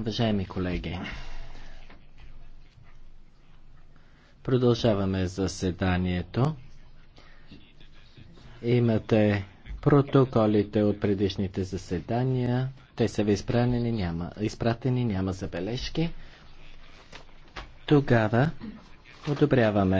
Уважаеми колеги, продължаваме заседанието. Имате протоколите от предишните заседания. Те са ви изпратени, няма, изпратени, няма забележки. Тогава одобряваме